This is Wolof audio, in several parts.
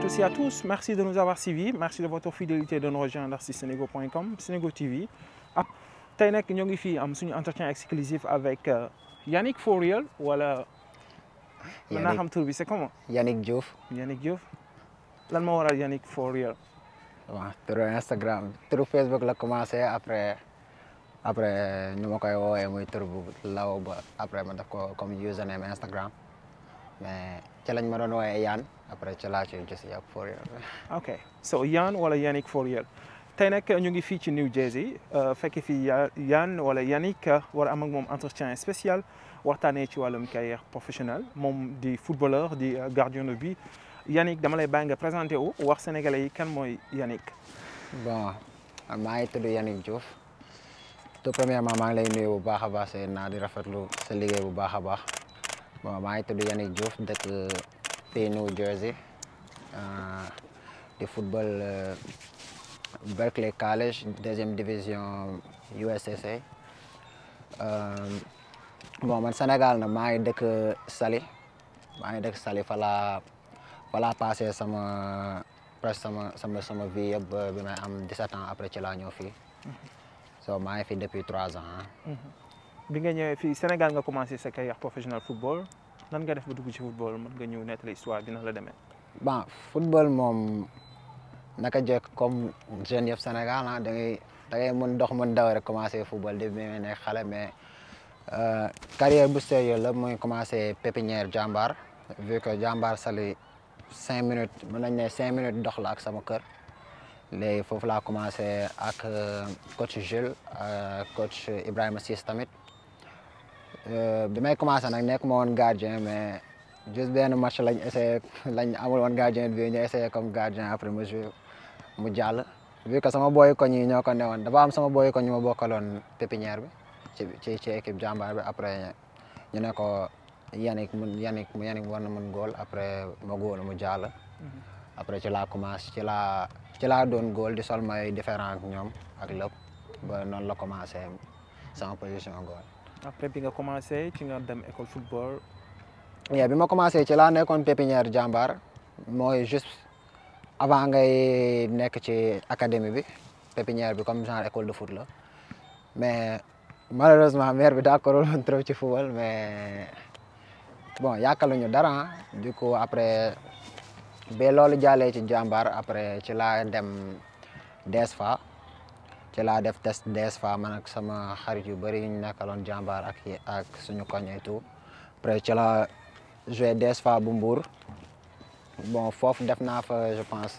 tous et à tous. Merci de nous avoir suivis. Merci de votre fidélité de nous rejoindre sur senego.com, Senego TV. Ah, tey nag ñoo ngi fii am suñu entretien exclusif avec euh, Yannick For Real wala. mën naa xam tur bi c'est comment. Yannick Diouf Yannick Diouf. lan moo waral Yannick For Real. waaw turu Instagram turu Facebook la commencé après après ñu ma koy woowee muy tur bu law ba après ma def ko comme username Instagram mais ci lañ ma doon woowee Yann. après ci laa ciy gis Yak for Real. so Yann wala Yannick for Real tey nag ñu ngi fii ci New Jersey euh, fekk fii Yann wala Yannick euh, war a am ak moom entretien spécial waxtaanee ci wàllum carrière professionnelle moom di footballeur di euh, gardien de but Yannick dama lay bàyyi nga présenté wu wax sénégalais yi kan mooy Yannick. bon maa ngi tudd Yannick Diouf tout premièrement maa ngi lay nuyu bu baax a baax naa di rafetlu sa liggéey bu baax a baax bon maa ngi tudd Yannick Diouf pays New Jersey euh, di football euh, Berkeley College deuxième division USSA euh, bon man Sénégal na maa ngi dëkk sali maa ngi dëkk sali fa laa fa laa passé sama presque sama sama sama vie yëpp bi may am 17 ans après ci laa ñëw fii mm-hmm. so maa ngi fi depuis trois ans. Mm-hmm. bi nga ñëwee fii Sénégal nga commencé sa carrière professionnel football. nan nga def ba dugg ci football mën nga ñëw nettali histoire bi nan la demee. bon football moom naka jekk comme jeune yëpp Sénégal ah da ngay da ngay mën dox mën daw rek commencé football depuis mu ne xale mais euh, carrière bu sérieux la muy commencé pépinière jàmbaar vu que jàmbaar sali cinq minutes mën nañ ne cinq minutes dox la ak sama kër léegi foofu laa commencé ak euh, coach Jules euh, coach Ibrahima sis tamit. bi euh, may commencé nag nekkuma woon gardien mais juste benn match lañ essayé lañ amul woon gardien bi ñu essayé comme gardien après ma joué mu jàll. ka sama booy ko yi ño ko woon dafa am sama booy ko ñu ma bokkaloon pépinière bi ci ci ci jàmbaar bi après ñu ne ko Yannick mu Yannick Yannick war na mun góol après ma góol mu jàll. Mhm. après ci laa commencé ci laa ci laa doon góol di sol may différent ak ñoom ak lépp ba noonu la commencé sama position góol. après bi nga commencé ci nga dem école football. oui bi ma commencé ci laa nekkoon pépinière jàmbaar mooy juste avant ngay nekk ci académie bi pépinière bi comme genre école de foot la mais malheureusement maire bi d'accord woon trop ci football mais bon yaakaaruñu dara du coup après ba loolu jaalee ci jàmbaar après ci laa dem DESFA. ci def test des fa man ak sama xarit yu bëri ñu nekkaloon jàmbaar ak ak suñu koñ et tout après ci la joué fa bu Mbour bon foofu def naa fa je pense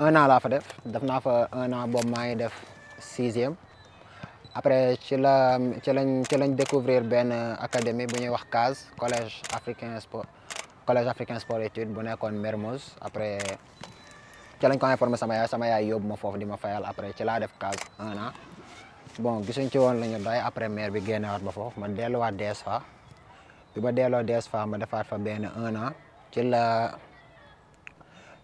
un an laa fa def def naa fa un an boobu maa ngi def sixième après ci la ci lañ ci lañ découvrir benn académie bu ñuy wax CAS collège africain sport collège africain sport étude bu nekkoon Mermoz après ci lañ ko informé sama yaay yaay yóbbu ma foofu di ma fayal après ci laa bon gisuñ ci woon la ñu doy maire bi génnewaat ma foofu ma delluwaat DSFA bi ma delloo DSFA ma defaat fa benn un ci la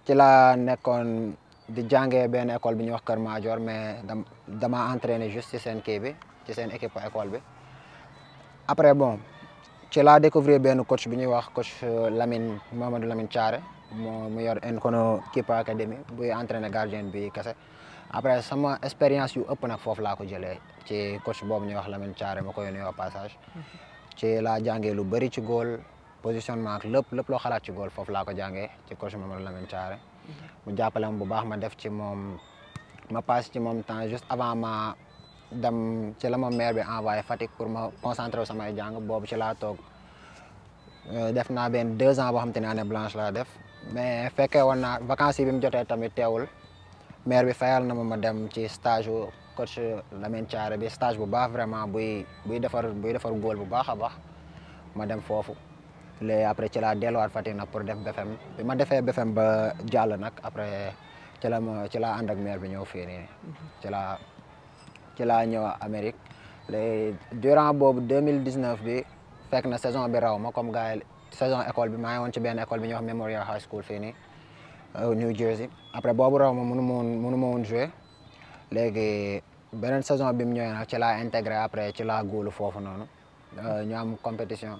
la nekkoon di jàngee benn école bi ñuy wax Kër Madior mais dama damaa entraîné ci seen kii bi ci seen équipe école bi après bon ci laa découvrir benn coach bi ñuy wax coach euh, Lamine Mamadou Lamine Thiaré moo mu yor Nkono Keeper Academy buy na gardien bi kase après sama expérience yu ëpp nag foofu laa ko jëlee ci coach boobu ñuy wax Lamine Thiaré ma koy nuyoo passage ci laa jàngee lu bëri ci góol positionnement ak lépp lépp loo xalaat ci góol foofu laa ko jàngee ci coach Mamadou Lamine Thiaré mu jàppale ma bu baax ma def ci moom ma passe ci moom temps juste avant ma dem ci la ma maire bi envoyé Fatick pour ma concentrer wu samay jàng boobu ci laa toog euh, def naa benn deux ans boo xam ne année blanche laa def mais fekkee woon naa vacances yi bi mu jotee tamit teewul mair bi fayal na ma ma dem ci stage u coach Lamine Thiaré bi stage bu baax vraiment buy buy defar buy defar góol bu baax a baax ma dem foofu léegi après ci laa delluwaat Fatick nag pour def BFEM bi ma defee BFEM ba jàll nag après ci la ma ci laa ànd ak bi ñëw fii nii ci laa ci ñëw Amérique léegi durant boobu 2019 bi fekk na saison bi raw ma comme gars saison école bi maa ngi woon ci benn école bi ñuy wax Memorial High School fii euh, New Jersey après boobu raw ma mënu ma woon mënu ma woon jouer léegi beneen saison bi mu ñëwee nag ci la intégré après ci laa góolu foofu noonu euh, ñu mu compétition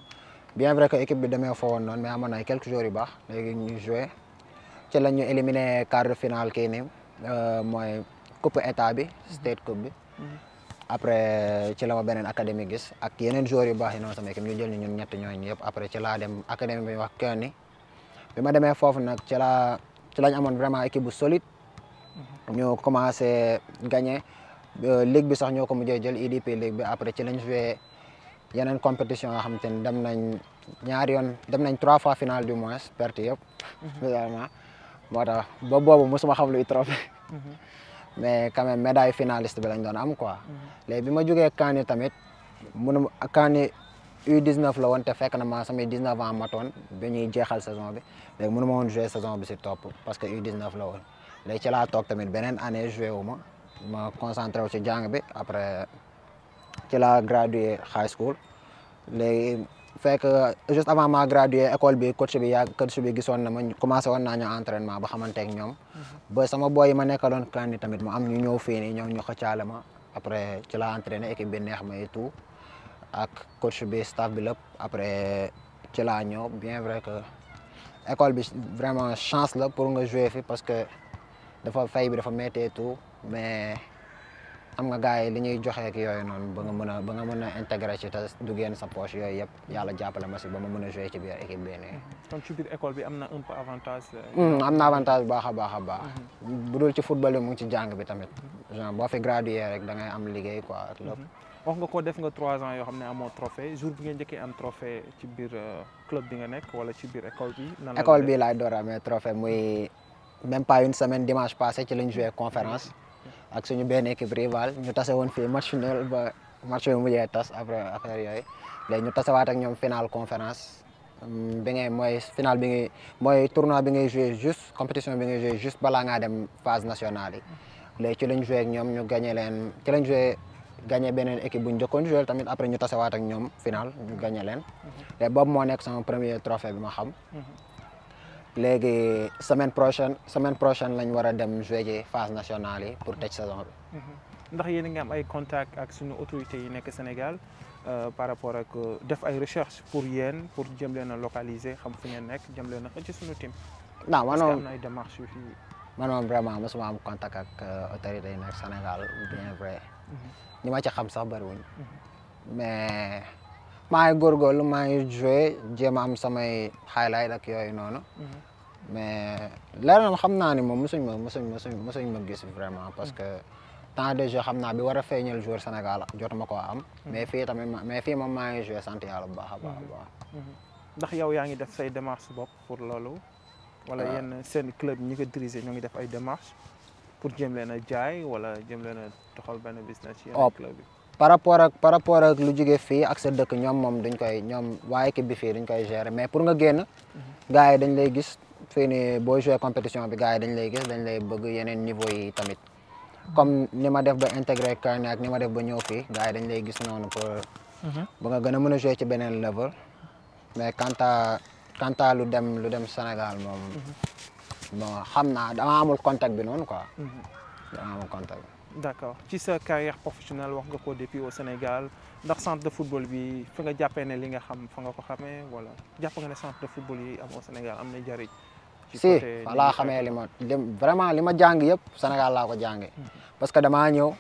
bien vrai que équipe bi demee foo woon noonu mais amoon na quelques jours yu baax léegi ñu ci la ñu élimine quart de finale kii nii euh, mooy coupe état bi state coupe bi mm-hmm. après ci la ma beneen académie gis ak yeneen joueurs yu baax yi noonu sama équipe ñu jël ñu ñun ñett ñooñu yëpp après ci laa bi ma demee foofu nag ci laa ci lañ amoon vraiment équipe bu solide. Mhm. ñu commencé gagné euh, ligue bi sax ñoo ko mujjee jël IDP e ligue bi après ci lañ joué yeneen compétition yoo xamante ni dem nañ ñaari yoon dem nañ trois fois finale du moins perte yëpp. Mhm. vraiment moo tax ba boobu mosuma xam luy mais quand même médaille finaliste bi lañ doon am quoi. Mhm. léegi bi ma jugee kaani tamit munu kaani U19 la woon te fekk na ma samay 19 ans matoon bi ñuy jeexal saison bi léegi munu ma woon jouer saison bi si topp parce que U19 la woon léegi ci laa toog tamit beneen année joué wu ma ma concentré wu ci jàng bi après ci laa gradué high school léegi. fekk euh, juste avant ma gradué école bi coach bi yaa coach gisoon na ma commencé woon naa ñoo entraînement ba xamante ak ñoom mhm. ba sama boy yi ma nekkaloon kandi tamit mu am ñu ñëw fii nii ñoom ñu xëccaale ma après ci laa entraîné équipe bi neex ma et ak coach bi staff bi lépp après ci la ñëw bien vrai que école bi vraiment chance la pour nga jouer fi parce que dafa fay bi dafa métti et am nga gars yi li ñuy joxe ak yooyu noonu ba nga mën a mën a intégré ci te du sa poche yooyu yëpp yàlla jàppale ma si ba ma mën a ci biir équipe bi école bi am na un peu avantage. Euh, hmm, am na avantage baax a baax a baax. Mhm. bu dul ci football bi mu ngi ci jàng bi tamit. genre boo fi gradué rek da ngay am liggéey quoi ak lépp. Mhm. wax nga ko def nga trois ans yoo xam ne amoo trophée jour bi nga am trophée ci biir euh, club nekk wala ci biir école bi. nan école bi laay door amee trophée muy même pas une semaine dimanche passé ci lañ joué conférence. ak suñu benn équipe rival ñu tase woon fii match nul ba match bi mujjee tas après affaire yooyu léegi ñu tasewaat ak ñoom final conférence mm, bi ngay mooy final bi ngay mooy tournoi bi ngay joué juste compétition bi ngay joué balaa ngaa dem phase nationale yi léegi ci lañ joué ñoom ñu gagné leen ci lañ joué gagné beneen équipe bu ñu jëkkoon joué tamit après ñu tasewaat ak ñoom final ñu gagné leen mhm. léegi boobu moo nekk sama premier trophée bi ma xam mhm. léegi semaine prochaine semaine prochaine lañ war a dem jouer ci phase nationale yi pour tëj saison bi. Mhm. ndax yéen a am ay contact ak suñu autorité yi nekk Sénégal euh, par rapport ak euh, def ay recherche pour yéen pour jëm leen a localiser xam fu ngeen nekk jëm leen a xëcc suñu team. non man moom am na ay démarches yu fi. man moom vraiment mosuma am contact ak euh, autorités yi nekk Sénégal bien vrai. Mhm. ñi ma ci xam sax bëriwuñ mhm. mais. maa ngi góorgóorlu maa ngi joué jéem am samay highlight ak yooyu noonu. Mm-hmm. mais leneen xam naa ni moom mosuñ ma mosuñ mosuñ mosuñ ma gis vraiment parce mm-hmm. que temps de jeu xam naa bi war a feeñal jour Sénégal jotuma koo am. Mm-hmm. mais fii tamit mais fii moom maa ngi joué sant yàlla bu baax a baax ndax yow yaa ngi def say démarches bopp pour loolu. wala euh. yenn seen club ñi ko dirigé ñoo ngi def ay démarches pour jëm leen a jaay wala jëm leen a doxal benn business. ci yenn club par rapport ak par rapport ak lu jige fii ak sa dëkk ñoom moom duñ koy ñoom waaye équipe bi fii duñ koy gérer mais pour nga génn mhm. gars yi dañ lay gis fii ni boo joué compétition bi gars yi dañ lay gis dañ lay bëgg yeneen niveau yi tamit mhm. comme ni ma def ba intégré Karne ak ni ma def ba ñëw fii gars yi dañ lay gis noonu pour mhm. ba nga gën a mën a joué ci beneen level mais quant à lu dem lu dem Sénégal moom bon xam naa dama amul contact bi noonu quoi dama contact d' accord ci sa carrière professionnelle wax nga ko depuis au Sénégal ndax centre de football bi fa nga jàppee ne li nga xam fa nga ko xamee wala jàpp nga ne centre de football yi am au Sénégal am na njëriñ. si fa laa xamee li ma dem vraiment li ma jàng yëpp Sénégal laa ko jàngee. Hmm. parce que damaa ñëw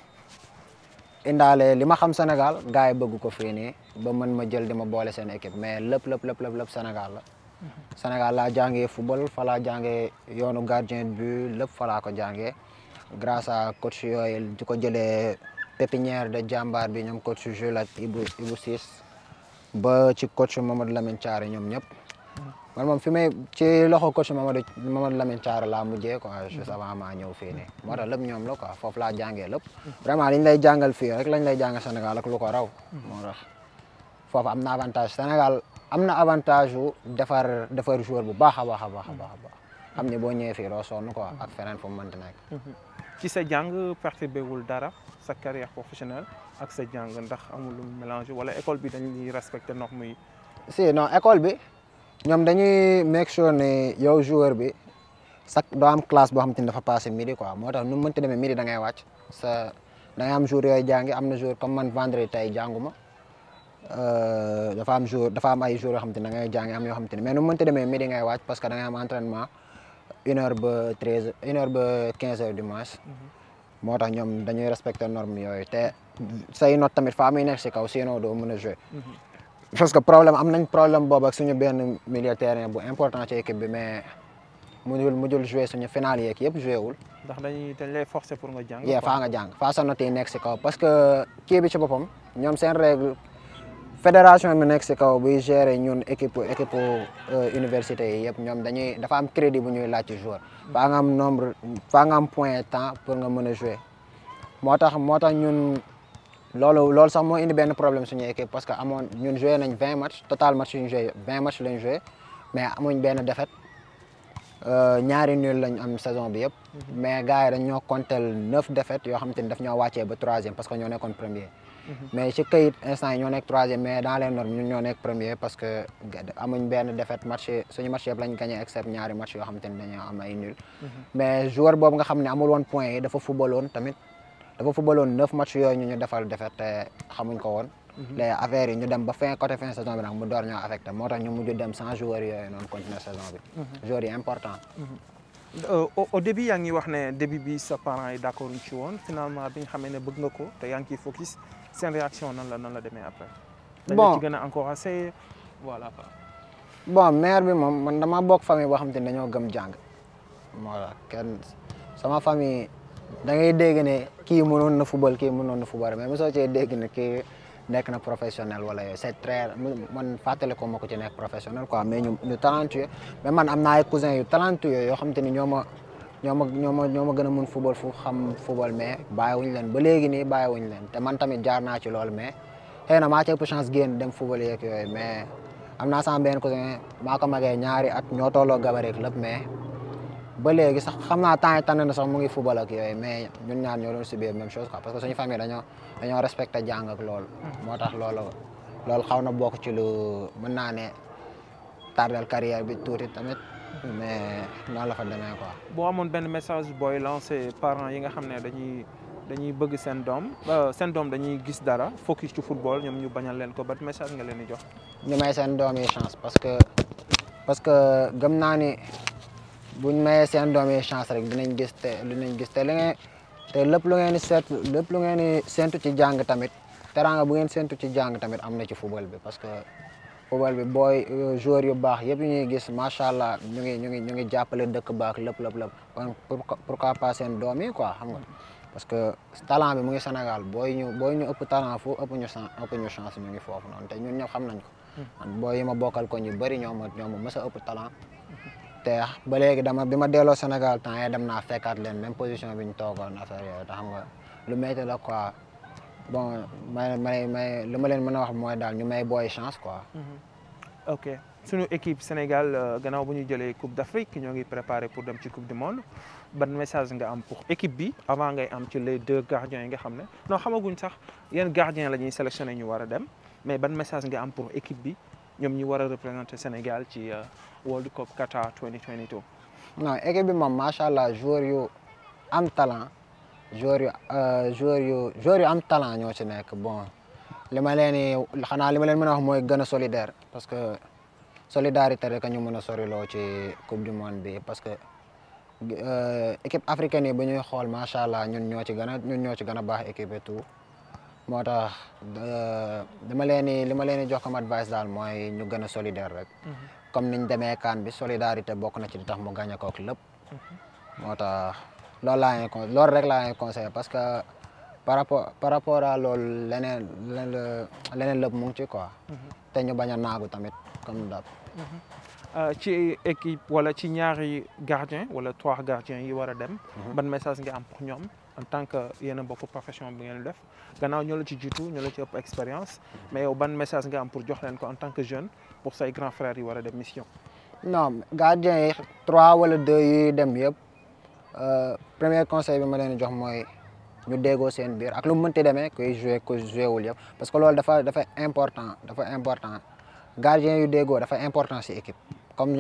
indaale li ma xam Sénégal gars yi bëgg ko fii ba mën ma jël di ma boole seen équipe mais lépp lépp lépp lépp Sénégal la. Hmm. Sénégal laa jàngee football fa laa jàngee yoonu gardien de but lépp fa laa ko jàngee. grâce a coach yooy di ko jëlee pépinière de jàmbaar bi ñoom coach Jules ak Ibou ba ci coach Mamadou Lamine Thiaré ñoom ñëpp man moom fi may ci loxo coach Mamadou Mamadou Lamine Thiaré laa ko quoi juste avant maa ñëw fii nii moo tax lépp ñoom la quoi foofu laa jàngee lépp vraiment liñ lay jàngal fii rek lañ lay jàngal Sénégal ak lu ko raw moo foofu am na avantage Sénégal am na avantage wu defar defar joueur bu baax a baax a baax a baax a baax am ne boo ñëwee fii doo sonn quoi ak feneen fu mu mënti nekk. ci sa jàng perturbé wul dara sa carrière professionnelle ak sa jàng ndax amul lu mélange wala école bi dañuy respecté normes yi. si non école bi ñoom dañuy make sure ne yow joueur bi sax doo am classe boo xam te ne dafa passé midi quoi moo tax nu mu mënti demee midi da nga wàcc sa da ngay am jour yooyu jàngi am na jour comme man vendredi tey jànguma euh, dafa am jour dafa am ay jour yoo xam te ne da ngay jàngi am que da ngay une heure ba treize une heure ba quinze heures du mhm. moo tax ñoom dañoo respecter norme yooyu te say note tamit faa muy nekk si kaw sinon doo mën a jouer. Mhm. parce que problème am nañ problème boobu ak suñu benn milieu terrain bu important ci équipe bi mais mujjul mujjul jouer suñu final yeeg yëpp joué wul. ndax dañuy dañ lay forcer pour nga jàng. yee faa nga jàng faa sa note yi nekk si kaw parce que kii ci boppam ñoom seen règle. fédération bi nekk si kaw buy gérer ñun équipe équipe euh, université yi yëpp ñoom dañuy dafa am crédit bu ñuy laaj ci joueur am nombre faa am point temps pour nga mën a jouer moo tax moo tax ñun loolu loolu sax moo indi benn problème suñu équipe parce que amoon ñun joué nañ vingt match total match suñu joué vingt match lañ joué mais amuñ benn défaite euh, ñaari nul lañ am saison bi yëpp mhm. mais gars yi dañ ñoo compter neuf défaites yoo xam te ni daf ñoo wàccee ba troisième parce que ñoo nekkoon premier Mhm. mais ci kayit instant yi ñoo nekk troisième mais dans les normes ñoo nekk premier parce que amuñ benn défaite match suñu match yëpp lañ except ñaari match yoo xamante ne dañoo am nul mhm. mais joueur boobu nga xam ne amul woon point yi dafa footballoon tamit dafa footballoon neuf match yooyu ñu defal défaite xamuñ ko woon mhm. les affaires ñu dem ba fin côté fin saison bi nag mu door ñoo affecté moo tax ñu mujj dem sans joueurs yooyu noonu continuer saison bi joueurs yi important euh, au seen réaction nan la nan la demee après. bon ci gën a encouragé voilà quoi. bon maire bi moom man damaa bokk famille boo xam te ne dañoo gëm jàng. voilà kenn sama famille da ngay dégg ne kii noon na football kii mënoon na football mais mosoo cee dégg ne kii nekk na professionnel wala yooyu c'est très man fàttali ko ma ko ci nekk professionnel quoi mais ñu ñu talentueux mais man am na ay cousins yu talentueux yoo xam te ni ñoo ma ñoo ma ñoo ñoo ma gën a mun football fu xam football mais bàyyiwuñ leen ba léegi nii bàyyiwuñ leen te man tamit jaar naa ci lool mais xëy na maa ci ëpp chance génn dem football yeeg yooyu mais am naa sama benn cousin maa ko magee ñaari at ñoo tolloo gabareeg lépp mais ba léegi sax xam naa temps yi tànn na sax mu ngi football ak yooyu mais ñun ñaar ñoo doon subir même chose quoi parce que suñu famille dañoo dañoo respecté jàng ak loolu. moo tax loolu loolu xaw na bok ci lu mën naa ne tardel carrière bi tuuti tamit. mais noonu la fa demee quoi. boo amoon benn message booy lancé parents yi nga xam ne dañuy dañuy bëgg seen doom euh, seen doom dañuy gis dara focus ci football ñoom ñu bañal leen ko ba message nga leen di jox. ñu may seen doom yi chance parce que parce que gëm naa ni buñ mayee seen doom chance rek dinañ gis te dinañ gis te li te lépp lu ngeen di seet lépp lu ngeen di séntu ci jàng tamit teraanga bu ngeen séntu ci jàng tamit am na ci football bi parce que. football booy euh, joueurs yu baax yëpp yu ñuy gis macha allah ñu ngi ñu ngi ñu ngi jàppale dëkk baax lépp lépp lépp kon pourquoi pas seen doom yi parce que talent bi mu ngi Sénégal booy ñu booy ñu ëpp talent fu ëpp ñu chance ëpp ñu chance ñu ngi foofu noonu te ñun xam nañ ko. Hmm. man yi ma bokkal ko ñu bëri ñoo ma ñoo ma ëpp talent. te ba léegi dama bi ma delloo Sénégal temps yii dem naa fekkaat leen même position bi ñu toogoon affaire yooyu te xam lu métti la quoi. bon may may may li ma leen mën a wax mooy daal ñu may booy chance quoi. Mm-hmm. ok suñu équipe Sénégal euh, gannaaw bu ñu jëlee Coupe d'Afrique ñoo ngi préparé pour dem ci Coupe du Monde ban message nga am pour équipe bi avant ngay am ci les deux gardiens yi nga xam ne non xamaguñ sax yan gardien la ñuy sélectionné ñu war a dem mais ban message nga am pour équipe bi ñoom ñu war a représenté Sénégal ci euh, World Cup Qatar 2022. non équipe bi moom macha allah joueur yu am talent. joueurs yu euh, joueurs yu joueurs yu am talent ñoo ci nekk bon li ma leen di xanaa li ma leen mën a wax mooy gën a solidaire parce que solidarité rek ñu mën a soriloo ci coupe du monde bi parce que euh, équipe africaine yi bu ñuy xool macha allah ñun ñoo ci gën a ñun ñoo ci gën a baax équipe et tout moo tax euh, li ma leen di li ma leen di jox comme advice daal mooy ñu gën a solidaire rek. Mhm. comme niñ demee kaan bi solidarité bokk na ci di tax moo gagné ko ak mhm. moo tax. loolu laa leen con loolu rek laa leen conseillé parce que par rapport par rapport à loolu leneen leneen lépp mu ngi ci quoi. Mhm. te ñu bañ a naagu tamit comme daal. Mhm. Euh, ci équipe wala ci ñaari gardien wala trois gardiens yi war a dem. Mhm. ban message nga am pour ñoom en tant que yéen a bokk profession bi ngeen def gannaaw ñoo la ci jiitu ñoo la ci expérience mais yow ban message nga am pour jox leen ko en tant que jeune pour say grands frères yi war a dem mission. non gardien yi trois wala deux yi dem yëpp. Euh, premier conseil bi ma leen jox mooy ñu déggoo seen biir ak lu mu mënti demee kuy joué ku joué wul yëpp parce que lool dafa dafa important dafa important gardien yu déggoo dafa important si équipe comme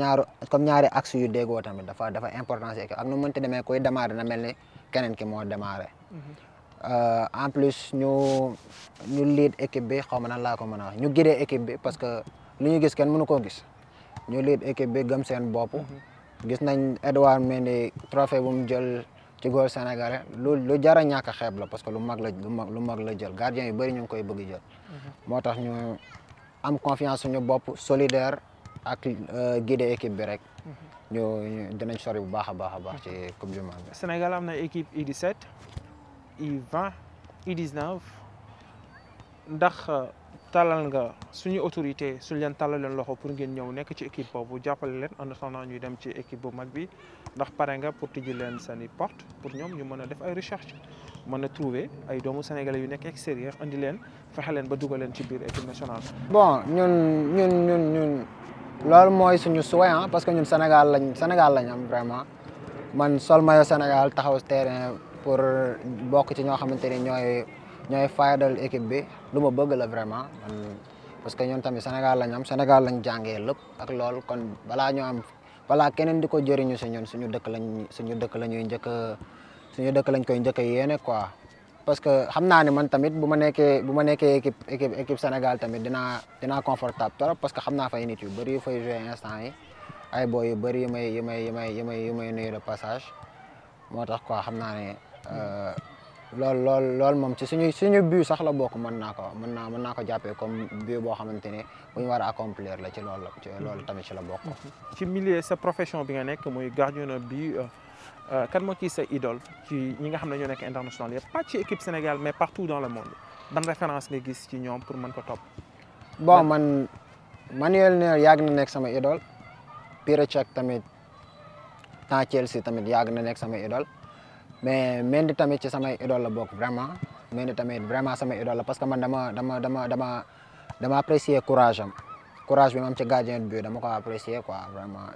comme ñaari axe yu déggoo tamit dafa dafa important si équipe ak nu mu mënti demee kuy démarré na mel ni keneen ki moo démarré. Mm-hmm. Euh, en plus ñu ñu lead équipe bi xaw ma nan laa ko mën a wax ñu guider équipe bi parce que lu ñu gis kenn mënu ko gis ñu lead équipe bi gëm seen bopp. Mm-hmm. gis nañ Edouard Mendy trophée bu mu jël ci góor sénégalais lu lu jar a ñàkk a la parce que lu mag la lu mag lu mag la jël gardien yu bëri ñu koy bëgg jël. Mhm. moo tax ñu am confiance suñu bopp solidaire ak euh, guider équipe bi rek. Mhm. ñu dinañ sori bu baax a baax a baax ci mhm. coupe du monde Sénégal am na équipe U17 U20 u ndax. Euh, tàllal nga suñu autorité suñ leen tàllal leen loxo pour ngeen ñëw nekk ci équipe boobu jàppale leen en na ñuy dem ci équipe bu mag bi ndax pare nga pour tijji leen seeni porte pour ñoom ñu mën a def ay recherche mën a trouver ay doomu sénégalais yu nekk extérieur andi leen fexe leen ba duga leen ci biir équipe nationale. bon ñun ñun ñun ñun mooy suñu souhait parce que ñun Sénégal lañ Sénégal lañ am vraiment man sol maillot Sénégal taxaw terrain pour bokk ci ñoo xamante ni ñooy. ñooy fayadal équipe bi lu ma bëgg la vraiment man parce que ñoom tamit Sénégal lañ am Sénégal lañ jàngee lépp ak lool kon balaa ñoo am balaa keneen di ko jëriñu si ñoon suñu dëkk lañ suñu dëkk la ñuy njëkk a suñu dëkk lañ koy njëkk a yéene quoi. parce que xam naa ne man tamit bu ma nekkee bu ma nekkee équipe équipe équipe Sénégal tamit dinaa dinaa confortable trop parce que xam naa fa nit yu bëri yu fay jouer instant yi ay booy yu bëri yu may yu may yu may yu de passage moo tax quoi xam naa ne. Euh, lool lool lool moom ci suñu suñu but sax la bokk mën naa ko mën naa mën naa ko jàppee comme but boo xamante ne bu war a accomplir la ci loolu ci loolu mhm. tamit ci la bokk. Mhm. ci milieu sa profession bi nga nekk muy gardien bi euh, euh, kan moo ciy sa idole ci ñi nga xam ne ñoo nekk international yëpp pas ci équipe Sénégal mais partout dans le monde ban référence nga gis ci ñoom pour mën ko topp. bon man Manuel Neuer yàgg na nekk sama idole Pirochak tamit temps Chelsea tamit yàgg na nekk sama idole. mais Mendy tamit ci samay idole la bokk vraiment Mendy tamit vraiment samay idole la parce que man dama dama dama dama dama apprécier courage am courage bi ma ci gardien de but dama ko apprécier quoi vraiment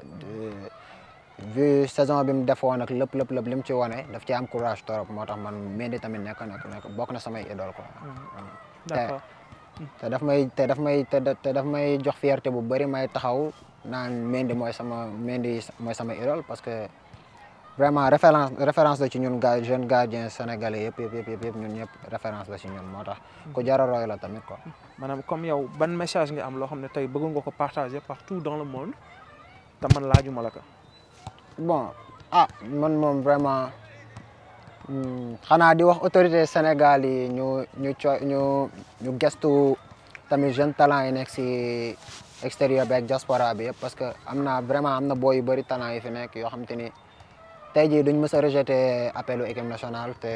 vu saison bi mu defoon ak lépp lépp lépp li ci wane daf ci am courage torop moo tax man Mendy tamit nekk nekk nekk bokk na samay idole quoi. Mm. Mm. d'accord mm. te daf may te daf may te bu bëri may taxaw naan Mendy mooy sama Mendy mooy parce que. vraiment référence référence la ci ñun ga jeune gardien sénégalais yëpp yëpp yëpp yëpp ñun ñëpp référence la ci ñun moo tax mhm. ku jar a roy la tamit quoi. maanaam comme yow ban message nga am loo xam ne tey bëgg nga ko partager partout dans le monde te man laajuma la ko. bon a ah, man moom vraiment hmm, xanaa di wax autorité Sénégal yi ñu ñu ñu ñu gestu tamit jeune talent yi nekk si extérieur bi ak diaspora bi yëpp parce que am na vraiment am na boo yu bëri talent yi fi nekk yoo xam ni. tey jii duñ mës a rejeté appelu équipe national te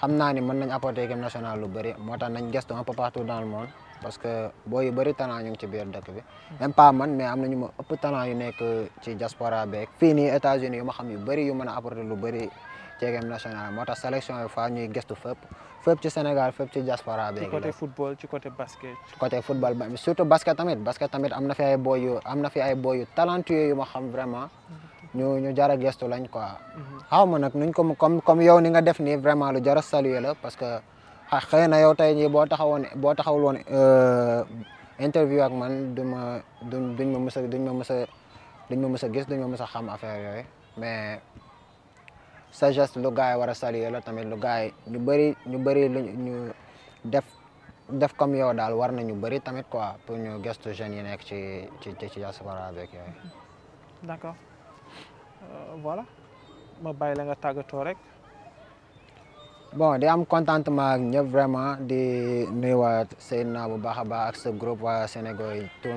xam naa ni mën nañ apporter équipe nationale lu bëri moo tax nañ gestu un peu partout dans le monde parce que bo yu bëri talent ñu ngi ci biir dëkk bi même pas am nañu ma ëpp talent yu nekk ci diaspora beeg nii États-Unis yu ma xam yu bëri yu mën a apporter lu bëri ci équipe national moo tax sélection yi fa ñuy gestu fépp fépp ci Sénégal fépp ci diaspora bi. ci côté football ci côté basket. côté football surtout basket tamit am na fi ay booy yu am na fi ay booy yu talentueux yu ma xam vraiment. ñu ñu jar a lañ quoi. Mhm. xaw ma nag nuñ ko comme comme yow ni nga def nii vraiment lu jara a saluer parce que ah, xëy na yow tey jii boo taxawoon boo taxawul woon euh, interview ak man du du duñ ma mës a duñ ma mës a a gis duñ ma mës a xam affaire yooyu mais sa lu gars yi war a saluer la tamit lu gars yi ñu bëri ñu bëri lu ñu def def comme yow daal war na ñu bëri tamit quoi pour ñu gestu jeunes yi nekk ci ci ci diaspora beeg yooyu. d'accord. Euh, voilà ma bàyyi la tàggatoo rek. bon di am contentement ak ñëpp vraiment di waa nuyuwaat naa bu baax a baax ak sa groupe waa Sénégal yi tout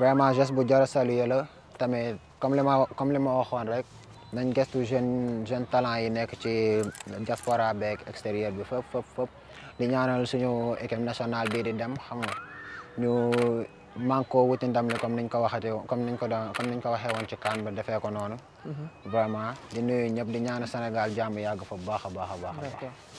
vraiment geste bu jar a saluer la tamit comme li ma comme li ma waxoon rek nañ gëstu jeune jeune talent yi nekk ci diaspora beeg extérieur bi fëpp fëpp di ñaanal suñu équipe nationale bi di dem xam ñu. manko wuti ndam li comme niñ ko waxatee comme niñ ko doon comme ci kaan ba defee ko mhm. vraiment di nuyu ñëpp di ñaanu Sénégal jàmm yàgg fa bu baax a baax a